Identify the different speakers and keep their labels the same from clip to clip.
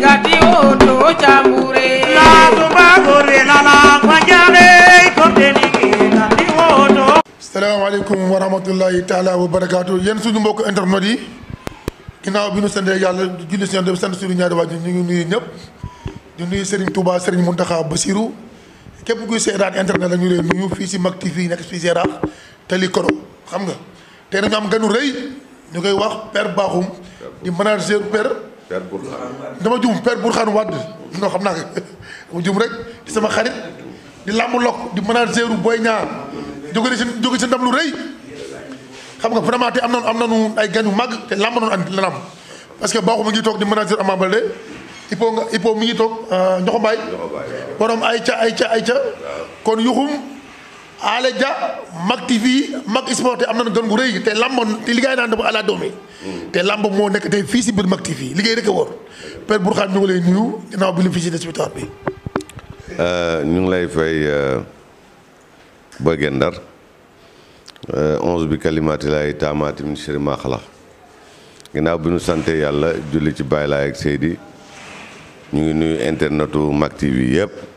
Speaker 1: gati oto chambure la tumba gore la la panjale kopteni gati oto salaamaaleykum suñu mbokk internet yi ginnaaw bi ñu santee yàlla julli seen dem sant suñu ñaari waajur ñu ngi nuyu ñëpp ñu nuyu Serigne Touba Serigne Mountakha Bassirou képp kuy seetaan internet la ñu leen nuyu fii si Mak TV nekk fii Seera tali koro xam nga te dañu am ganu rëy ñu koy wax Père Bakhoum di manager Père père Bourkhane dama juum père Bourkhane Wade non xam naa ko dama juum rek di sama xarit di làmb lokk di manager Boy Niang jóge si jóge si ndam lu rëy xam nga vraiment te am na am nañu ay gan yu mag te làmb noonu andi la parce que Bakhoum mi ngi toog di manager Ama Baldé Ipo nga Ipo mi ngi toog euh, Ndiokhoumbaay borom ay ca ay ca ay ca kon yuxum Alé Dia mag TV mag sporté am nañu gën gu rëy te lamb te liggéey naan dafa ala doome mm. te lamb moo nekk tey fii si biir mag TV liggéey rek a wóor Père Bourkhane ñu ngi lay nuyu ginnaaw bi lu fi si hospital bi.
Speaker 2: Euh, ngi lay fay euh, Boy Guendar euh, onze bi kalimaati laay taamaati min sharri ginnaaw bi ñu sante yàlla julli ci Baay Laay ñu ngi nuyu internetu mag TV yëpp.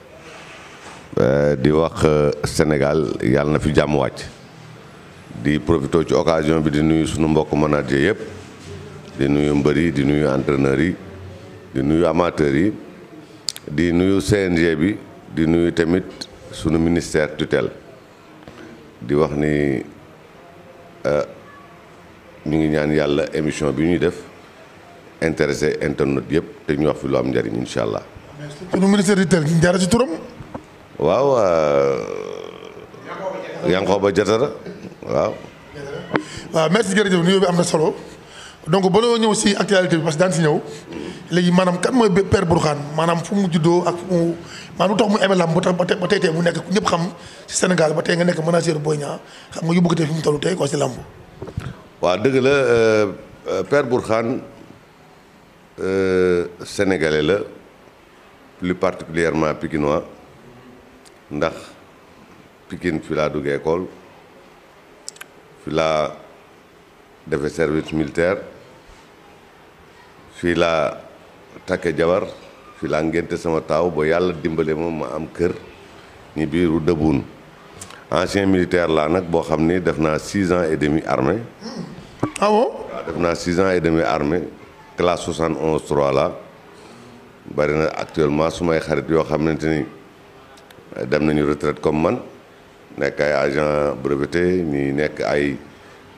Speaker 2: Euh, di wax euh, Sénégal yàlla na fi jàmm wàcc di profité ci occasion bi di nuyu suñu mbokk manager yëpp di nuyu mbër yi di nuyu entraîneurs yi di nuyu amateurs yi di nuyu CNG bi di nuyu tamit suñu ministère tutelle di wax ni euh, ñu ngi ñaan yàlla émission bi ñuy def intéressé internet yëpp te ñu wax fi lu am njëriñ incha allah.
Speaker 1: suñu ministère tutelle jaaree ci turam.
Speaker 2: waaw euh, Yankhoba Diattara waaw
Speaker 1: waaw merci jërëjëf nuyoo bi am na solo donc ba noo ñëw si actualité bi parce que daan si ñëw léegi maanaam kan mooy Père xaan maanaam fu mu juddoo ak fu mu maanaam lu tax mu amee lamb ba tax ba tey tey mu nekk ñëpp xam si Sénégal ba tey nga nekk manager Boy Niang xam nga yóbbu ko tey fi mu toll tey quoi si lamb
Speaker 2: waaw dëgg la euh, euh, Père Bourkhane sénégalais la plus particulièrement pikinois ndax Pikine fi laa duggee école fi laa defe service militaire fii laa takke jabar fii laa ngénte sama taaw ba yàlla dimbale moom ma am kër ñi biiru dëbbuun ancien militaire laa nag boo xam ni def naa six ans et demi armée ah bon def naa six ans et demi armée classe soixante onze trois la bari na actuellement su may xarit yoo xamante ni dem nañu retraite comme man nekk ay agent breveté ñi nekk ay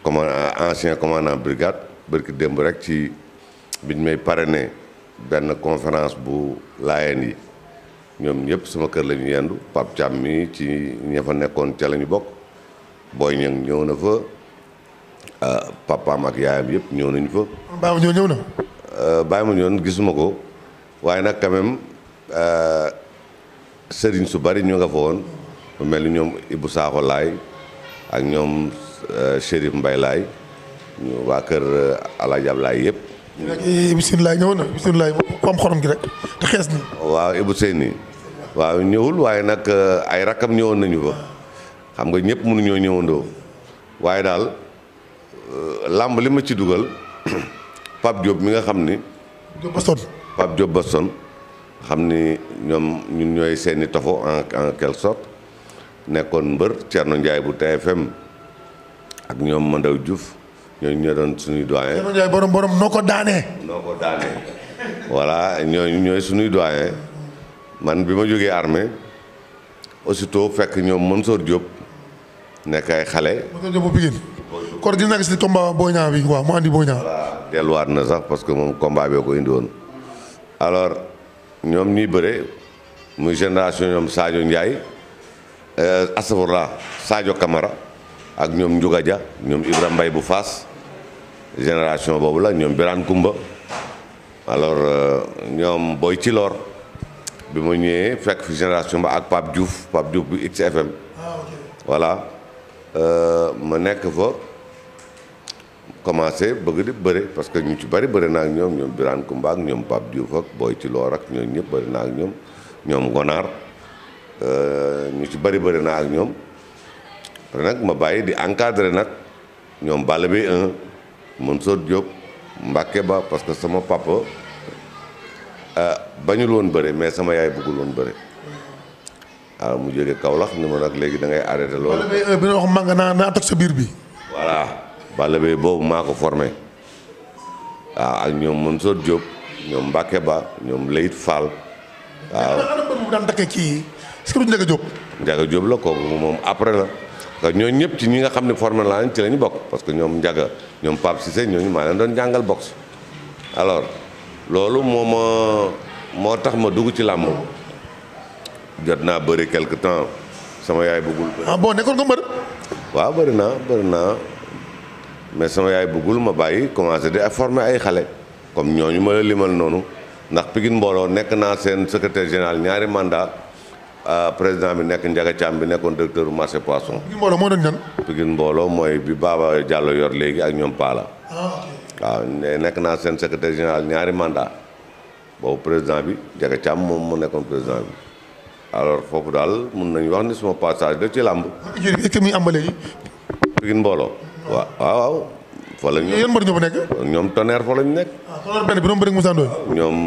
Speaker 2: commandant ancien commandant brigade bërki démb rek ci biñ may pare ne benn conférence bu laayeen yi ñoom ñëpp suma kër la ñu yendu Pape Thiam mi ci ña fa nekkoon ca la bokk Boy Niang ñëw na fa euh, papaam ak yaayam yëpp ñëw nañu fa. Baye Mandione ñëw euh, gisuma ko waaye nag quand euh, sëriñ su bari ñu nga fa woon lu mel ni ñoom Ibou Sakho Laay ak ñoom euh, Chérif Mbay Laay waa kër euh, Alaaji Ablaay yëpp.
Speaker 1: ñu nekk eh, Ibou Laay ñëwoon na Ibou Sine Laay ku am xorom gi rek te
Speaker 2: xees nii. waaw Ibou Seyni waaw ñëwul waaye nag euh, ay rakkam ñëwoon nañu fa xam nga ñëpp mënuñoo ñëwandoo waaye daal làmb li ma ci dugal Pape Diop mi nga xam ni. Diop Baston Baston. xam ni ñoom ñun ñooy seeni tofo en en quelque sorte nekkoon mbër Thierno njaay bu TFM ak ñoom Mandaw Diouf ñooñu ñoo doon suñuy doyen. Thierno Ndiaye borom
Speaker 1: borom noo ko daanee. noo
Speaker 2: ko ñooñu ñooy suñuy doyen man bi ma jógee armée aussitôt fekk ñoom Mansour Diop nekk ay xale.
Speaker 1: Mansour si combat Boy bi waaw mu andi Boy Niang.
Speaker 2: delluwaat na sax parce que moom combat bee ko indi woon ñoom ñuy bëre muy génération ñoom Sadio Ndiaye euh, astafurlah Sadio kamara ak ñoom Ndiouga Dia ñoom Ibrahima Mbaye bu Faas génération boobu la ñoom Birane Kumba alors euh, ñoom booy ci Tilor bi ma ñëwee fekk fi génération ba ak Pape Diouf Pape Diouf bu XFM ah, voilà euh, ma nekk fa. commencé bëgg di bëre parce que ñu ci bari bëri naa ak ñoom ñoom Birane Kumba ak ñoom Pape Diouf ak Boy Tilor ak ñoom ñëpp bëri naa ak ñoom ñoom Gonaar euh, ñu ci bari bëri naa ak ñoom après nag ma bàyyi di encadré nag ñoom Balla Beye 1 Mansour Diop Mbacke Ba parce que sama papa euh, bañul woon bëre mais sama yaay bëggul woon bëre waaw mu jógee Kaolack ni ma nag léegi da ngay arrêté loolu. Balla
Speaker 1: Beye 1 bi nga naa naa sa biir bi.
Speaker 2: voilà. Balla Beye boobu maa ko formé waaw ak ñoom Mansour jóob ñoom mbake Ba ñoom Leyit Fall. waaw
Speaker 1: mais kii est-ce que du
Speaker 2: Ndiaga la kooku moom après la parce ñëpp ci ñi nga xam ne formé laa ci la ñu bokk parce que ñoom Ndiaga ñoom Pape Cissé ñooñu maa doon jàngal boxe loolu moo ma tax ma dugg ci làmb jot naa bëri quelque temps sama yaay bëggul. Ah bon nekkoon nga mbër. waaw bëri naa mais sama yaay bëggul ma bàyyi commencé di former ay xale comme ñooñu ma la limal noonu ndax Pikine mbooloo nekk naa seen secretaire général ñaari mandat euh, président bi nekk Ndiaga Thiam bi nekkoon directeur marché poisson. Pikine mbooloo moo doon ñan. mbooloo mooy bi Baba jàll yor léegi ak ñoom Paala. Ah, waaw nekk naa seen secrétaire général ñaari mandat boobu président bi Ndiaga Thiam moom mu nekkoon président bi. alors foofu daal mun nañu wax ni suma passage da ci làmb. est-ce que mbooloo. waaw waaw fa ñu ñoom yéen mbër ñu nekk. ñoom tonnerre fa la ñu nekk.
Speaker 1: ah tonnerre benn bi ñoom bëri Moussa Ndoye.
Speaker 2: ñoom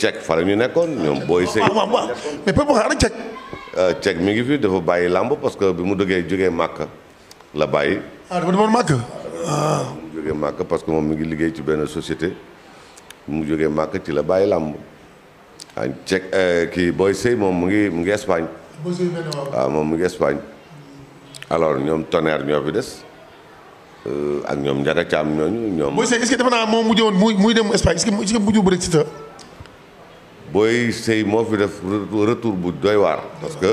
Speaker 2: Cech fa ñu nekkoon ñoom Boy Sey. Ah, waaw waaw euh, mi ngi fi dafa bàyyi làmb parce que bi mu dëggee jógee Màkka la bàyyi. ah dafa demoon ah. parce que moom mi ngi liggéey ci benn société mu jógee Màkka ci la bàyyi làmb ah Cech euh, kii Boy Sey moom mu ngi mu ngi Espagne. Boy ah, moom mu ngi Espagne. alors ñoom tonnerre ñoo fi des. Euh, ak ñoom Ndiaga Thiam ñooñu ñoom. Boy Seye est-ce que
Speaker 1: moom mujj woon muy muy dem Espagne est-ce que est-ce que
Speaker 2: moo fi def retour bu doy waar parce que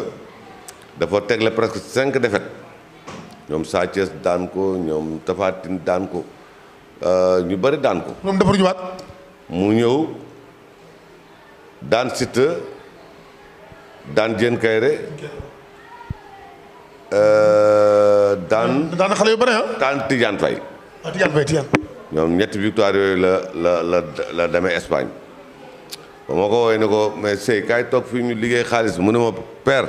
Speaker 2: dafa tegle presque cinq défaites ñoom Sa Thiès daan ko ñoom Tapha daan ko euh, ñu bëri daan ko. mu ñëw daan Siteu daan Diène Kaïré. Euh, daan daan xale yu bëri ah. daan Tidiane Faye. ah Tidiane Faye ñoom ñetti victoire yooyu la la la la demee Espagne ba ma ko woowee ne ko mais Sey kaay toog fii ñu liggéey xaalis mu ne ma père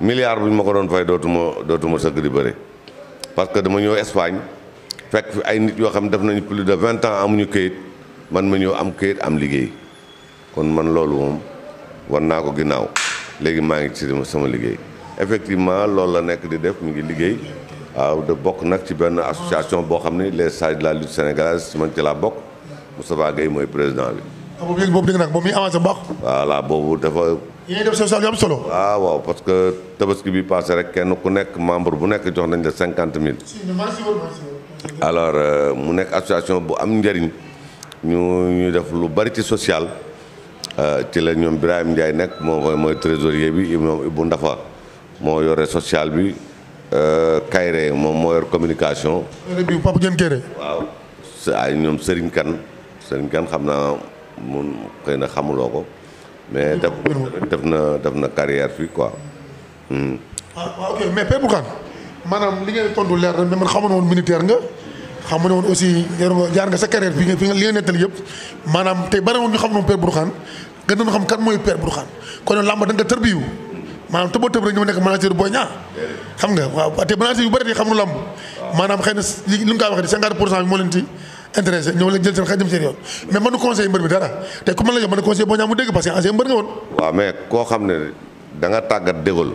Speaker 2: milliard bu ñu ma ko doon fay dootuma dootuma sëgg di bëri parce que dama ñëw Espagne fekk fi ay nit yoo xam def nañu plus de vingt ans amuñu këyit man ma ñëw am këyit am liggéey kon man loolu moom war naa ko ginnaaw léegi maa ngi ci sama liggéey. effectivement loolu la nekk di def mu ngi liggéey waaw de bokk nag ci benn association boo xam ne les sages de la lutte sénégalaise man ci laa bokk Moustapha Gueye mooy président bi. boobu ah, yëg boobu dégg naa boobu muy avancé bu am solo. Ah, waaw parce que tabaski bi passé rek kenn ku nekk membre bu nekk jox nañ la cinquante mille. alors euh, mu nekk association bu am njëriñ ñu ñu def lu bari ci social euh, ci la ñoom Birahim njaay nekk moom mooy trésorier bi moom Ibou Ndafa. moo yore sociale bi euh, Kayre moom moo yor communication.
Speaker 1: bi Papa Diène Kayre.
Speaker 2: waaw ay ñoom sëriñ Kane Serigne Kane xam naa mun xëy na xamuloo ko mais def def na def na carrière fii quoi. Hmm.
Speaker 1: ah waaw ok mais Père li ngay tontu leer na mais man nga. xamu ne woon aussi yor nga jaar nga sa carrière bi nga fi nga li nga nettali yëpp maanaam tey xam kan mooy Père bu gën nañu xam kan mooy Père Bougane da nga tërbiyu maanaam tëboo tëb rek xam nga waaw te yu bëri xam nu lamb maanaam xëy na li ñu koy waxee di cinquante pour cent bi moo leen ci intéressé ñoo leen jël a conseil Boy Niang mu dégg parce que
Speaker 2: koo xam ne da tàggat dégol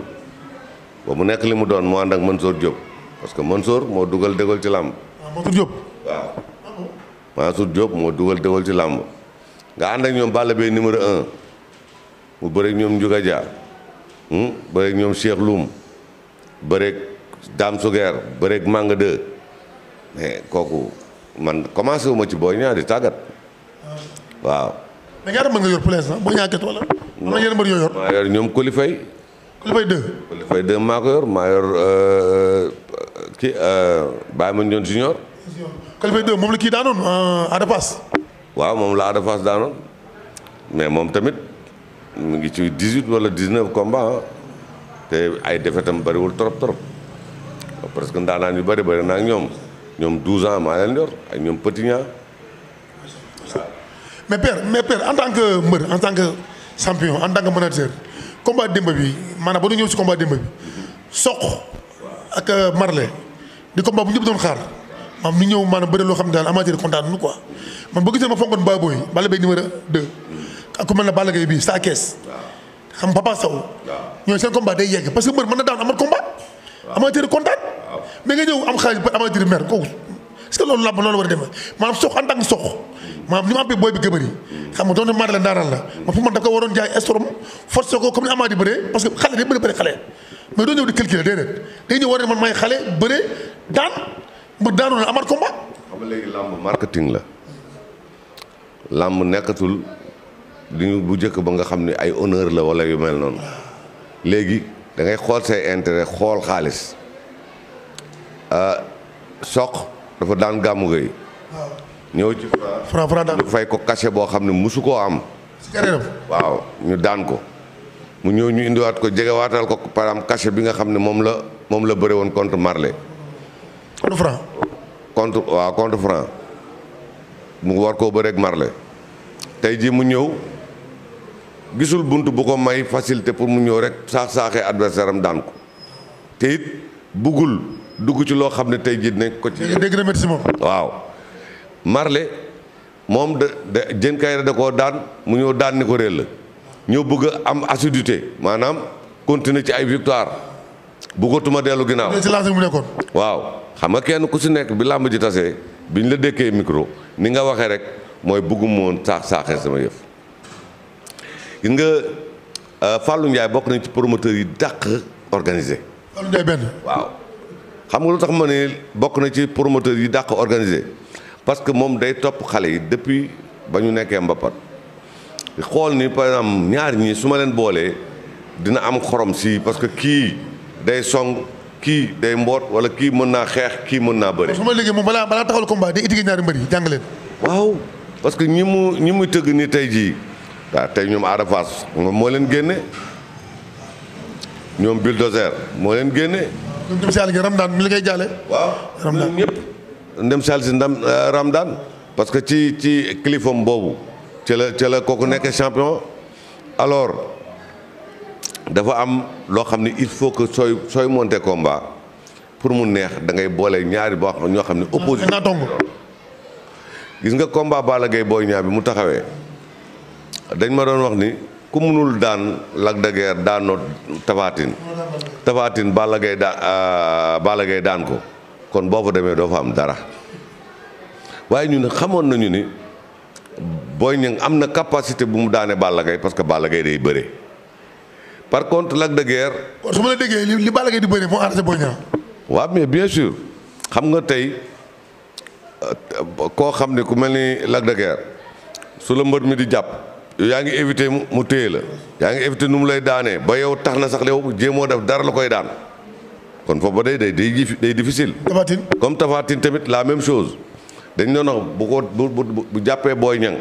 Speaker 2: mu nekk li mu doon mu ànd ak Mansour Diop parce que Mansour moo dugal dégol ci làmb ah, Mansour Diop waaw ah, Mansour Diop moo dugal dégol ci làmb nga ànd ak ñoom Balla Beye numéro un mu bëri ñoom Ndiouga Hmm? bëreeg ñoom Cheikh Loum bëreeg Dame Souguer màng Manga 2 kooku man commencé wu ci booy ñaa di tàggat waaw.
Speaker 1: mais ñaata nga yor pour ah? l'instant
Speaker 2: maa yor ñoom Kolifay. Kolifay 2. Kolifay 2 maa ko yor maa yor euh, euh, kii euh, Baye Mandione Junior. Kolifay 2 moom la kii daanoon Ada waaw moom la Ada Fass daanoon mais moom tamit. mu ngi ci 18 wala 19 combats ah. te ay defetam bëriwul trop trop parce que ndaanaan yu bari bëri na ak ñoom ñoom 12 ans maa leen yor ak ñoom Petit Niang
Speaker 1: mais père mais père en tant que mbër en tant que champion en tant que manager combat démb bi maanaam ba ñu ñëw si combat démb bi soq ak euh, marle di combat bu ñëpp doon xaar maam ñu ñëw maanaam bëri loo xam ne daal amateur kontaan nu quoi man boo gisee ma fonkoon Baboy Balla Gaye numéro 2 ku mel ne Balla Gaye bii saa kees. xam Papa Sow. waaw ñooñu seen combat day yegg parce que mbër mën na daan amat combat. waaw amateur kontaan. mais nga ñëw am xaalis ba amateur mer kooku est-ce que loolu làmb loolu a demee maanaam sox en tant ma amee booy bi xam nga doon maar mm. ma fi man daf ko waroon jaay estorom forcé ko comme ni amaat di bëree parce que xale day bëri bëri xale. mais na amaat combat. xam
Speaker 2: nga léegi làmb la làmb nekkatul. li bu njëkk ba nga xam ne ay honneur la wala yu mel noonu léegi da ngay xool say intérêt xool xaalis euh, soq dafa daan gàmmu gay ñëw ci fay ko cachet boo xam ne musu koo am. waaw ñu daan ko. mu ñëw ñu indiwaat ko jegewaatal ko par exemple cachet bi nga xam ne moom la moom la bëre woon contre marle contre Franc. contre Franc mu war koo bëreeg Marley. tey jii mu ñëw. gisul bunt bu ko may facilité pour mu ñëw rek saax saaxee adversaire am daan ko te it buggul dugg ci loo xam ne tey jii dinañ ko ci. dégg na métti moom. waaw Marley moom da da Diène Kaïré da koo daan mu ñëw daan ni ko réel la ñëw bëgg am assiduité maanaam continuer ci ay victoire bëggatuma dellu ginnaaw. ci lancé mu nekkoon. waaw xam nga kenn ku si nekk bi làmb ji bi ñu la dékkee micro ni nga waxee rek mooy bëgguma woon saax saaxee sama yëf. gis nga euh, Fallou Ndiaye bokk nañ ci promoteur yi dàq organise Fallou benn. waaw xam nga lu tax ma ne bokk na ci promoteur yi dàq organisé parce que moom day topp xale yi depuis ba ñu nekkee Mbapat xool ni par exemple ñaar ñii su ma leen boolee dina am xorom si parce que kii day song. kii day mboot wala kii mën naa xeex kii mën naa bëri. su ma
Speaker 1: liggéey moom balaa balaa taxawal combat day ittigi ñaari mbër yi jàng leen.
Speaker 2: waaw parce que ñi mu ñi muy tëgg ni tey jii waaw tey ñoom Ada Fass moo leen génne ñoom bulldozer moo leen génne.
Speaker 1: ñoom dem Ramdaan mi li ngay jaale.
Speaker 2: waaw Ramdaan ñëpp. dem si àll euh, Ramdaan parce que ci ci kilifom boobu ci la ci la kooku nekk champion. alors dafa am loo xam ne il faut que sooy sooy monter combat pour mu neex da ngay boole ñaari boo xam ñoo xam ne. opposition gis nga combat Balla Gaye Boy Niang bi mu taxawee. dañ ma doon wax ni ku mënul daan Lac de daanoo Tafatine Tafatine Balla Gaye daan euh, Balla daan ko kon boo fa demee doo fa am dara waaye ñun xamoon nañu ni Boy Niang am na capacité bu mu daanee Balla Gaye parce que Balla Gaye day bëre par contre Lac de
Speaker 1: su ma la déggee li li Balla di bëre moo arrêté Boy Niang.
Speaker 2: waaw mais bien sûr xam nga tey euh, koo xam ne ku mel ni Lac de su la mbër mi di jàpp. yaa ngi éviter mu téye la yaa ngi éviter nu mu lay daanee ba yow tax na sax yow jéemoo def dara la koy daan kon foofu ba day day day difficile. Tafatine comme Tafatine tamit la même chose dañ doon wax bu ko bu jàppee booy Niang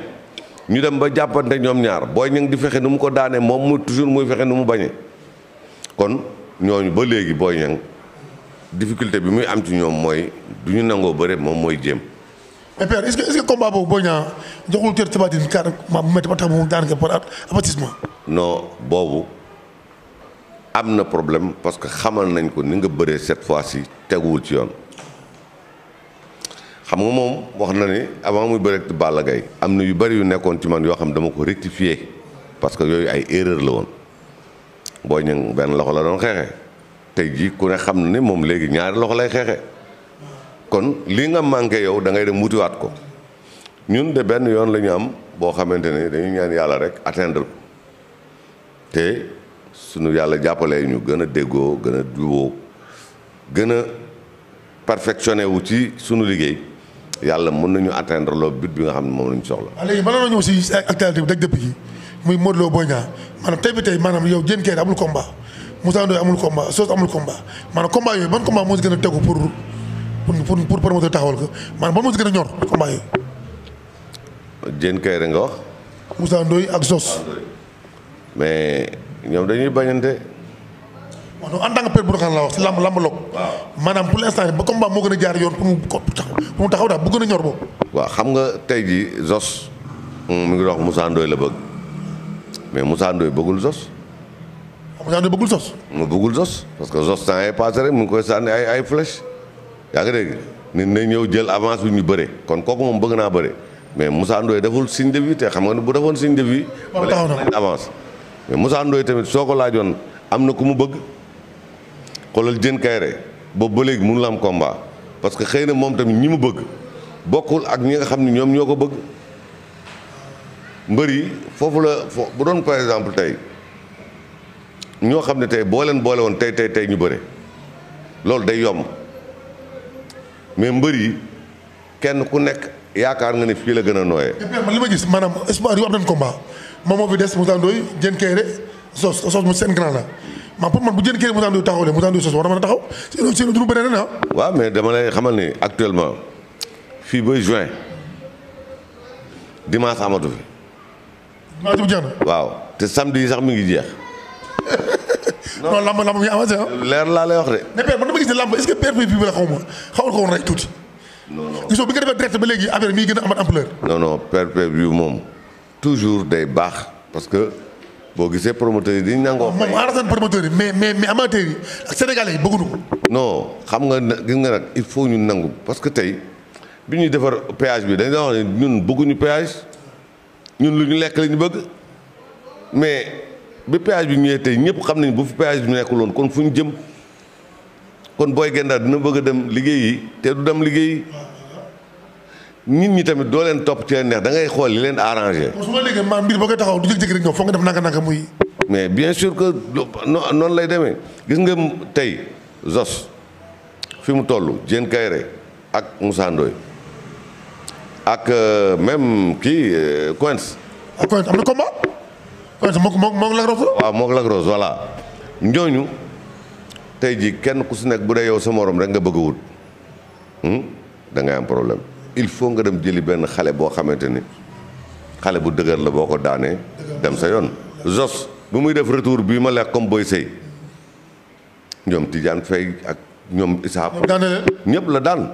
Speaker 2: ñu dem ba jàppante ñoom ñaar Boy Niang di fexe nu mu ko daanee moom mu toujours muy fexe nu mu bañee kon ñooñu ba léegi Boy Niang difficulté bi muy am ci ñoom mooy du ñu nangoo bëre moom mooy jéem.
Speaker 1: mais père est-ce que est boobu Boy Niang joxul cër ma bu métti ba tax mu daan ko par avertissement.
Speaker 2: boobu am na problème parce que xamal nañ ko ni nga bëree cette fois-ci teguwul ci yoon xam nga moom wax na ni avant muy bëreeg Balla am na yu bari yu nekkoon ci man yoo xam dama ko rectifier parce que yooyu ay erreur la woon Boy Niang benn loxo la doon xeexee tey jii ku ne xam na ni moom léegi ñaari loxo lay xeexee. kon lii nga manqué yow da ngay dem wutiwaat ko ñun de benn yoon lañu am boo xamante ne dañu ñaan yàlla rek atteindre ko te suñu yàlla jàppalee ñu gën a déggoo gën a juboo gën a perfectionné wu ci suñu liggéey yàlla mën nañu atteindre loo but bi nga xam ne moom lañu soxla.
Speaker 1: waaw ah, léegi balaa nga ñëw si actualité bi dëgg dëpp yi muy Modou Lo Boy Niang maanaam tey bi tey maanaam yow Diène Kairé amul combat Moussa Ndoye amul combat Sos amul combat maanaam combat yooyu ban combat moo si gën tegu pour. pour pour promoteur taxawal ko maanaam ban moo ci gën a ñor combat yi.
Speaker 2: Diène Kaïré nga wax.
Speaker 1: Moussa ak Zos.
Speaker 2: mais ñoom dañuy bañante.
Speaker 1: waaw donc en tant que père bu wax si lamb lamb loog. waaw maanaam pour ba combat a jaar yoon pour mu pour taxaw daal bu gën a ñor
Speaker 2: xam nga tey jii Zos hmm, mu ngi dox Moussa Ndoye la bëgg mais Moussa Ndoye bëggul Zos.
Speaker 1: Moussa Ndoye bëggul Zos.
Speaker 2: mu bëggul Zos parce que Zos temps yii passé rek mu ngi koy sànni ay ay flèche yaa ngi dégg nit na ñëw jël avance bi ñu bëre kon kooku moom bëgg naa bëre mais Moussa Ndoye deful signe de vie te xam nga ne bu defoon signe de vie. moom taxaw na avance mais Moussa tamit soo ko laajoon am na ku mu bëgg xoolal jën kayre boobu ba léegi mënul am combat parce que xëy na moom tamit ñi mu bëgg bokkul ak ñi nga xam ne ñoom ñoo ko bëgg mbër yi foofu la fo bu doon par exemple tey ñoo xam ne tey boo leen boole woon tey tey tey ñu bëre loolu day yomb. mais mbër yi kenn ku nekk yaakaar nga ne fii la gën a nooyee.
Speaker 1: li ma gis maanaam espoir yu am nañu combat moom moo fi des Moussa Ndoye Diène Kairé sos sos mu seen grand la man pour man bu Diène Kairé Moussa Ndoye taxaw leen Moussa Ndoye sos war na mën a taxaw seen seen du beneen na ah.
Speaker 2: waaw mais dama lay xamal ni actuellement fii ba juin dimanche amatu fi. dimanche bu jeex na. waaw te samedi sax mi ngi jeex.
Speaker 1: non lamb lamb bi avancé
Speaker 2: leer laa lay wax de.
Speaker 1: mais père man dama gis ne lamb est-ce que père bi bi la xaw ma xawul ko woon rek tuuti. non non bi nga defee direct ba léegi affaire mi gën a
Speaker 2: amat ampleur. non non père père bi moom toujours day baax parce que boo gisee promoteur yi dañu nangoo. ma arrêté
Speaker 1: promoteur yi mais mais mais amateurs yi ak sénégalais yi
Speaker 2: non xam nga gis nga rek il faut ñun nangu parce que tey bi ñuy defar péage bi dañ doon wax ne ñun bëgguñu péage ñun lu ñu lekk la ñu bëgg bi péage bi ñëwee tey ñëpp xam nañ bu fi péage bi nekkul woon kon fu ñu jëm kon Boy Guendar dina bëgg a dem liggéey yi te du dem liggéey nit ñi tamit doo leen topp ci leen neex da ngay xool yi leen arrangé.
Speaker 1: su mbir boo koy taxaw du jékki-jékki rek ñëw foog nga def naka-naka muy.
Speaker 2: mais bien sûr que noonu lay demee gis nga tey Zos fi mu toll Diène Kairé ak Moussa Ndoye ak euh, même kii euh, Coins. am na combat. kon moom moom moom Lac Rose waaw voilà ñooñu tey jii kenn ku si nekk bu dee yow sa moroom rek nga bëgg a wut hmm? da ngay am problème il faut nga dem jëli benn xale boo xamante ni xale bu dëgër la boo ko daanee dem sa yoon. Zos bu muy def retour bii ma lekk comme Boy Sey ñoom Tidiane Faye ak ñoom Issa. ñëpp la daan.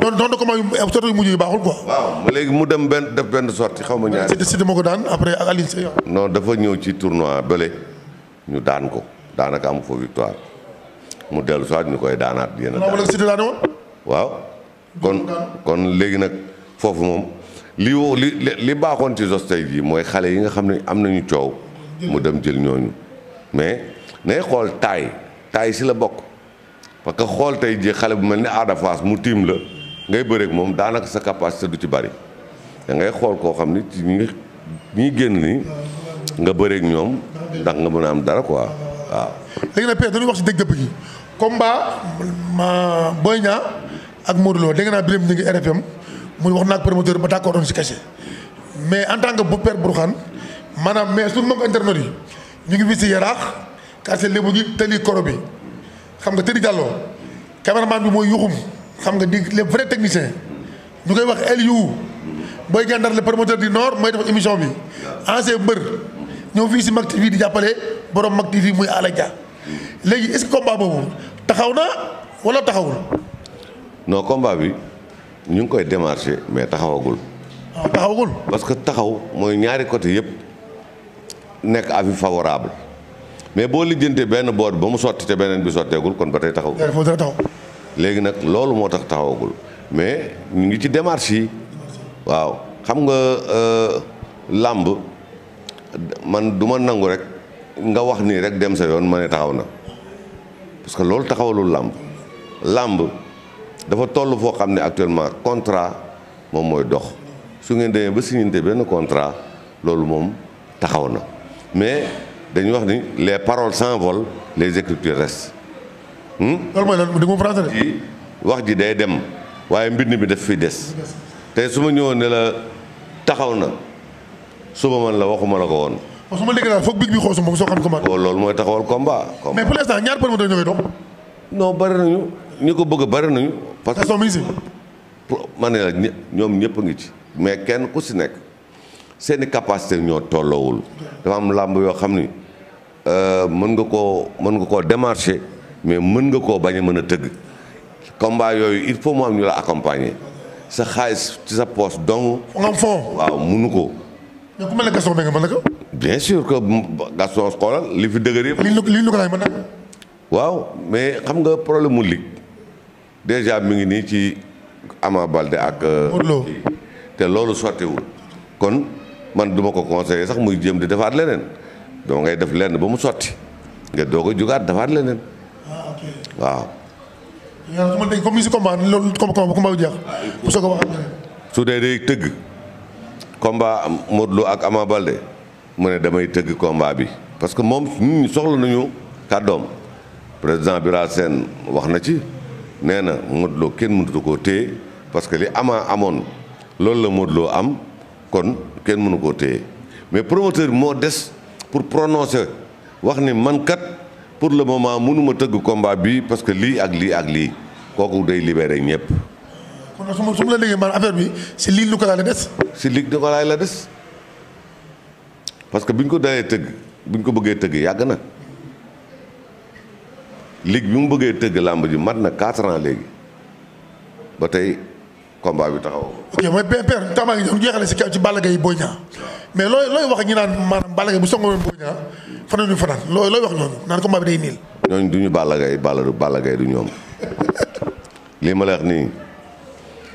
Speaker 1: noonu noonu comment yu sorties yu mujj yu baaxul ko
Speaker 2: waaw léegi mu dem benn def benn sortie xaw ma ñaari. si
Speaker 1: Siteu ma ko daan après ak Alioune Seye
Speaker 2: non dafa ñëw ci tournoi bële ñu daan ko daanaka amu fa victoire mu dellu soit ñu koy daanaat yéen a. non wala Siteu daane woon. waaw kon kon léegi nag foofu moom li woo li baaxoon ci Zoss tey jii mooy xale yi nga xam ne am nañu coow. mu dem jël ñooñu mais nay xool taay taay si la bokk parce que xool tey jii xale bu mel ni Ada Fass mu tiim la. ngay bëreeg moom daanaka sa capacité du ci bari da ngay xool koo xam ni ci ñi ñi génn ni nga bëreeg ñoom ndax nga mën a am dara quoi waaw. léegi nag Père
Speaker 1: dañuy wax si dëgg-dëgg gi ba ma Boy ña ak Modou Lo dégg naa Birame ñu ngi RFM muy wax naag promoteur ba d' accord doon si cachet mais en tant que bu Père Bourkhane maanaam mais suñu mbokku internet yi ñu ngi fi si yaraax quartier Lébu gi tëli koro bi xam nga tëri jàlloo caméraman bi mooy yuxum xam nga di les vrais techniciens ñu koy wax Eliou booy Gendar le promoteur du Nord mooy def émission bi ancien mbër ñëw fii si Mak TV di jàppale borom Mak TV muy Alla léegi est-ce boobu taxaw na wala taxawul.
Speaker 2: noo combat bi ñu ngi koy démarché mais taxawagul. waaw ah, taxawagul. parce que taxaw mooy ñaari côté yëpp nekk avis favorable mais boo lijjantee benn boor ba mu sotti te beneen bi sotteegul kon ba tey taxaw. léegi nag loolu moo tax taxawagul mais ñu ngi ci démarche yi waaw xam nga euh, làmb man duma nangu rek nga wax nii rek dem sa yoon ma ne taxaw na parce que loolu taxawalul làmb làmb dafa toll foo xam ne actuellement contrat moom mooy dox su ngeen demee ba signante benn contrat loolu moom taxaw na mais dañuy wax ni les paroles s'envolent les écritures restent Hmm? loolu mooy lan déggu wax ji day dem waaye mbind bi daf fi des. te su ma ñëwoon ne la taxaw na suba man la waxuma la ko woon.
Speaker 1: waaw su ma déggee daal foog big bi xool su ma soo xam combat.
Speaker 2: loolu mooy taxawal combat. mais pour
Speaker 1: l'instant ñaar promoteur ñoo koy bari nañu
Speaker 2: ñi ko bëgg bari nañu. parce que mi ngi si. man ne la ñoom ñëpp ngi ci mais kenn ku si nekk seeni capacité ñoo tolloowul dafa am làmb yoo xam ni euh, mën nga koo mën nga koo démarché mais mën nga koo bañ a mën a tëgg combat yooyu il faut mu am ñu la accompagner sa xaalis ci sa poche dong. nga fond waaw munu ko.
Speaker 1: mais ku mel ne Gaston Mbengue mën na ko.
Speaker 2: bien sûr que Gaston xoolal li fi dëgër yëpp. lii lii lu ko laaj mën na waaw mais xam nga problème mu ligue déjà mi ngi nii ci Ama Baldé ak. Euh, te loolu sottiwul kon man duma ko conseiller sax muy jéem di defaat leneen doo ngay def lenn ba mu sotti nga doog a jugaat defaat leneen. waaw.
Speaker 1: yàlla su ma dégg comme ni si combat loolu combat combat
Speaker 2: su dee day tëgg. combat Modou ak Ama Balde mu ne damay tëgg combat bi parce que moom ñun soxla nañu kàddoom président Bira seen wax na ci nee na Modou kenn mënatu koo téye parce que li Ama amoon loolu la Modou Lo am kon kenn mënu koo téye mais promoteur bi moo des pour prononcer wax ni man kat. pour le moment mënuma tëgg combat bi parce que lii ak lii ak lii kooku day libéré ñëpp.
Speaker 1: kon su ma su léegi la déggee maanaam affaire bi si ligue Nicolas la des. si ligue Nicolas la des
Speaker 2: parce que bi ñu ko dalee tëgg bi ñu ko bëggee tëgg yàgg na ligue bi mu bëggee tëgg làmb ji mat na quatre ans léegi ba tey. combat bi taxawoo
Speaker 1: ko. ok mooy père Tamba gi ñoom jeexale si kaw ci Balla Gaye boo Niang mais looy looy wax ñu naan maanaam Balla bu songoon Boy Niang fanaan wax ñooñu naan combat bi day niil.
Speaker 2: ñooñu du ñu Balla Gaye Balla du Balla Gaye du ñoom lii ma la wax nii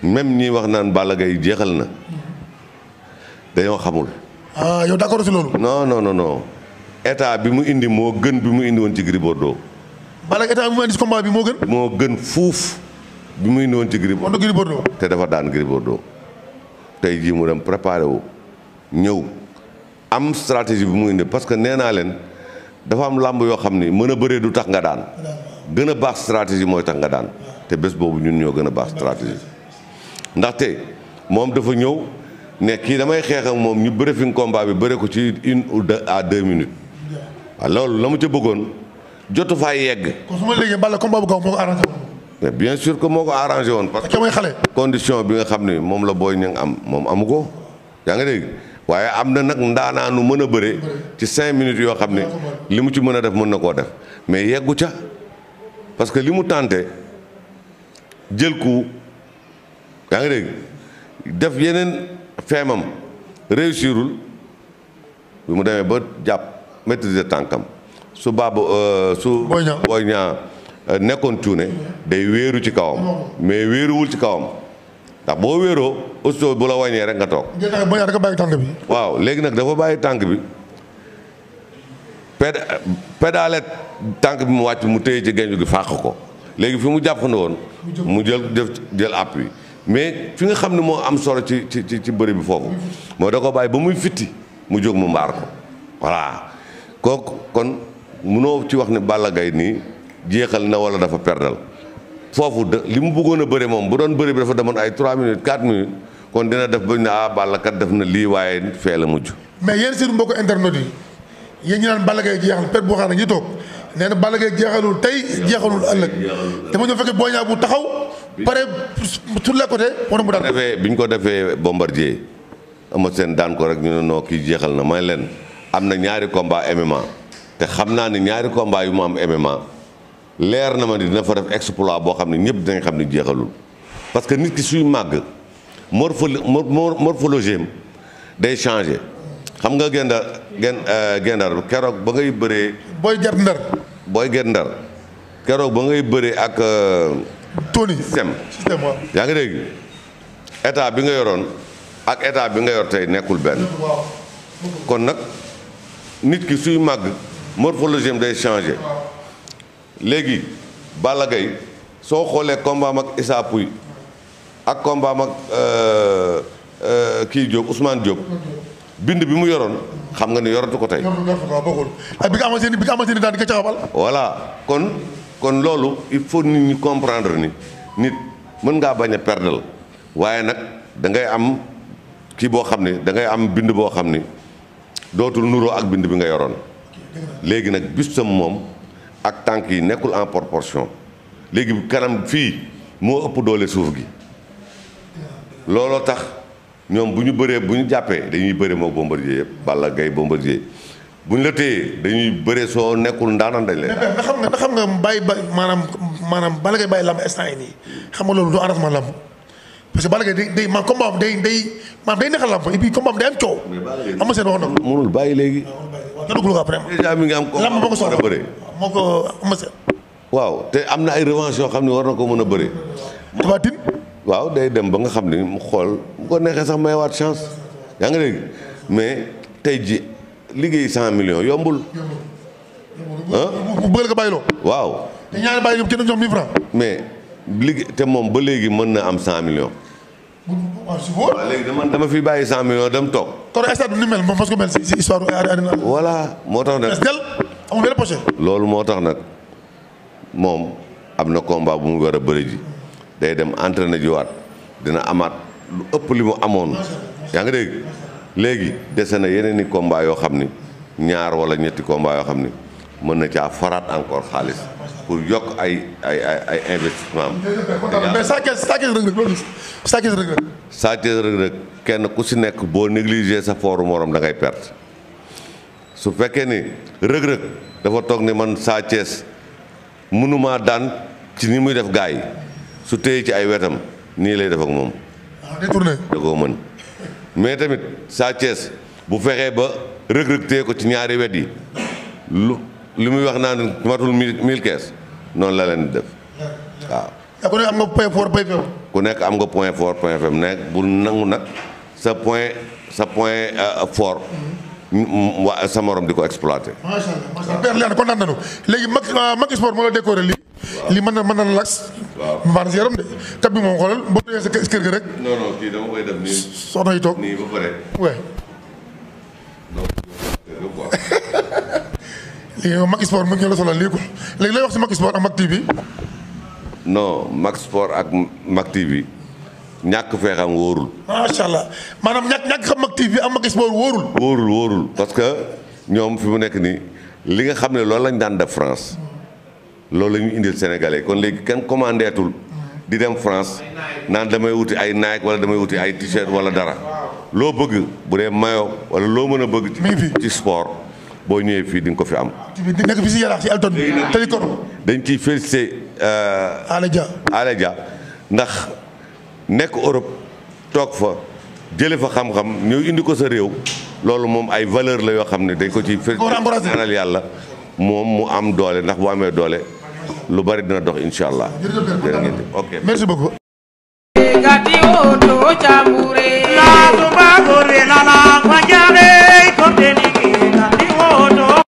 Speaker 2: même ñii wax naan Balla Gaye jeexal na dañoo xamul. ah yow d'accord si loolu. non non bi mu indi moo gën bi mu indi woon ci Gris Bordeaux. Balla Gaye bi mu indi si combat bi moo gën. moo gën fuuf. bi muy noonu ci Gris
Speaker 1: Bordeaux
Speaker 2: te dafa daan Gris Bordeaux tey jii mu dem préparé wu ñëw am stratégie bi mu indi parce que nee naa leen dafa am làmb yoo xam ni mën a bëree du tax nga daan gën a baax stratégie mooy tax nga daan te bés boobu ñun ñoo gën a baax stratégie ndaxte moom dafa ñëw ne kii damay xeex moom ñu bëre fi combat bi bëre ko ci une ou deux à deux minutes waaw loolu la mu ci bëggoon jotu faa yegg. bien sûr que moo ko arrangé woon. parce que xale. condition bi nga xam ne moom la Boy Niang am moom amu ko yaa ngi dégg waaye am na nag ndaanaanu mën a bëre ci cinq minutes yoo xam ne li mu ci mën a def mën na koo def mais yeggu ca parce que li mu tenté jël ku yaa ngi dégg def yeneen feemam réussirul bi mu demee ba jàpp maîtriser tànkam su baaba euh, su Boy Niang Euh, nekkoon cuune day wéeru ci kawam mais wéeruwul ci kawam ndax boo wéeroo aussitôt bu la wàññee rek nga toog waaw léegi nag dafa bàyyi tànk bi ped pédale bi mu wàcc mu téye ci genju gi fàq ko léegi fi mu jàpp na woon mu jël def jël appui mais fi nga xam ne moo am solo ci ci ci bëri bi foofu moo da ko bàyyi ba muy fitti mu jóg mu mbaar ko voilà kooku kon munoo ci wax ne Balla Gaye nii jeexal na wala dafa perdal foofu da li mu bëggoon a bëre moom bu doon bëri bi dafa demoon ay trois minutes 4 minutes kon dina def bañ ne ah Balla kat def na lii waaye fee la mujj. mais yéen
Speaker 1: seen mbokku internet yi yéen ñu naan Balla Gaye jeexal per boo xam ne ñu toog nee na Balla Gaye jeexalul tey jeexalul ëllëg dama ñëw fekkee Boy Niang bu taxaw pare sur le côté
Speaker 2: war mu daan. defee bi ñu ko defee bombardier ama seen daan ko rek ñu ne noo kii jeexal na may leen am na ñaari combat MMA te xam naa ne ñaari combat yu mu am MMA. leer na ma ni dina fa def exploit boo xam ne ñëpp dinañ xam ni jeexalul parce que nit ki suy màgg morpho morphologie am day changé xam nga gendar gen euh, gendar keroog ba ngay bëree. booy get booy get ndar ba ngay bëree ak. Euh, tuuni système système yaa ngi dégg état bi nga yoroon ak état bi nga yor tey nekkul benn. kon nag nit ki suy màgg morphologie day changé. léegi Balla Gaye soo xoolee combat am ak Issa Pouye ak combat am ak euh, euh, kii Diop Ousmane Diop bind bi mu yoroon xam nga ni yoratu ko tey.
Speaker 1: ak ah, bi nga xamante ni bi nga xamante ni daan di ko
Speaker 2: kon kon loolu il faut nit ñi comprendre ni nit mën ngaa bañ a perdal waaye nag da ngay am kii boo xam ni dangay am bind boo xam ni dootul nuroo ak bind bi nga yoroon léegi nag bis sam moom. ak tànk yi nekkul en proportion léegi kanam fii moo ëpp doole suuf gi looloo tax ñoom bu ñu bëree bu ñu jàppee dañuy bëree moo bombardier yëpp bala Gaye bombardier bu ñu la téyee dañuy bëree soo nekkul ndaanaan dañ leen.
Speaker 1: mais xam nga xam nga bàyyi ba maanaam maanaam Balla Gaye bàyyi lamb instant yi nii xam nga loolu du arrangement lamb parce que Balla Gaye day day man combat day day man day neexal lamb et puis day am coow. am na seen wax na mënul
Speaker 2: bàyyi léegi. Ah, jotagul ko après. dèjà mi ngi am ko lamb moo ko waaw te am na ay revanche yoo xam ne war na ko mën a bëri. tabatin. waaw day dem ba nga xam ni mu xool mu ko neexee sax mayawaat chance yaa ngi dégg mais tey ji liggéey cent millions yombul. ah bu bëgg la ko bàyyiloo. waaw.
Speaker 1: te ñaari bàyyi yëpp kenn du jox mille francs
Speaker 2: mais liggéey moom ba léegi mën na am cent millions. waaw léegi man dama fi bàyyi cent millions dem toog.
Speaker 1: kon stade bi lu mel moom mos ko mel si si histoire moo tax nag. amul
Speaker 2: benn poche. loolu moo tax nag moom am na combat bu mu war a bëri ji day dem entre na jiwaat dina amaat lu ëpp li mu amoon. yaa ngi dégg léegi dese na yeneen i combat yoo xam ni ñaar wala ñetti combat yoo xam ni mën na caa faraat encore xaalis. pour yokk ay ay ay ay investissement
Speaker 1: am. mais Sa Thiès Sa
Speaker 2: Thiès Reug Reug kenn ku si nekk boo négligé sa fooru moroom da ngay perte su fekkee ni Reug Reug dafa toog ni man Sa mënuma daan ci ni muy def gars yi su téye ci ay wetam nii lay def ak moom. Ah, détourné da koo mën mais tamit Sa bu fexee ba Reug Reug ko ci ñaari wet yi li muy wax naan matul mille mille caisse noonu la leen def waaw. ku nekk am nga point fort point faible. ku nekk am nga point fort point faible nekk bu nangu nag sa point sa point euh, fort. Mhm. waa sa morom di ko exploité.
Speaker 1: macha léegi Macky euh, Macky Sport moo la lii. li mën na mën na lax. ma mu baax yaram de tab bi moom xoolal boo déggee sa kër gi
Speaker 2: rek. non non kii dama koy def
Speaker 1: léegi Mak Sport mu ngi la solo lii ko léegi lay wax si Mak Sport ak Mak TV.
Speaker 2: non Mak Sport ak Mak TV ñàkk fee xam wóorul. macha allah maanaam ñàkk ñàkk xam Mak TV ak Mak Sport wóorul. parce que ñoom fi mu nekk nii li nga xam ne loolu lañ daan def France loolu la ñu indil Sénégalais kon léegi kenn commandeetul di dem France naan damay wuti ay Nike wala damay wuti ay t-shirt wala dara loo bëgg bu dee maillot wala loo mën a bëgg. ci sport. boo ñëwee fii di ko fi am.
Speaker 1: di nekk fi si yaraax si Elton bi tey
Speaker 2: dañ ciy félicité. Euh, Alé Dia Alé Dia ndax nekk Europe toog fa jële fa xam-xam ñëw indi ko sa réew loolu moom ay valeur la yoo xam ne dañ ko ciy félicité anal yàlla moom mu am doole ndax bu amee doole lu bari dina dox incha allah. ok merci beaucoup. Gati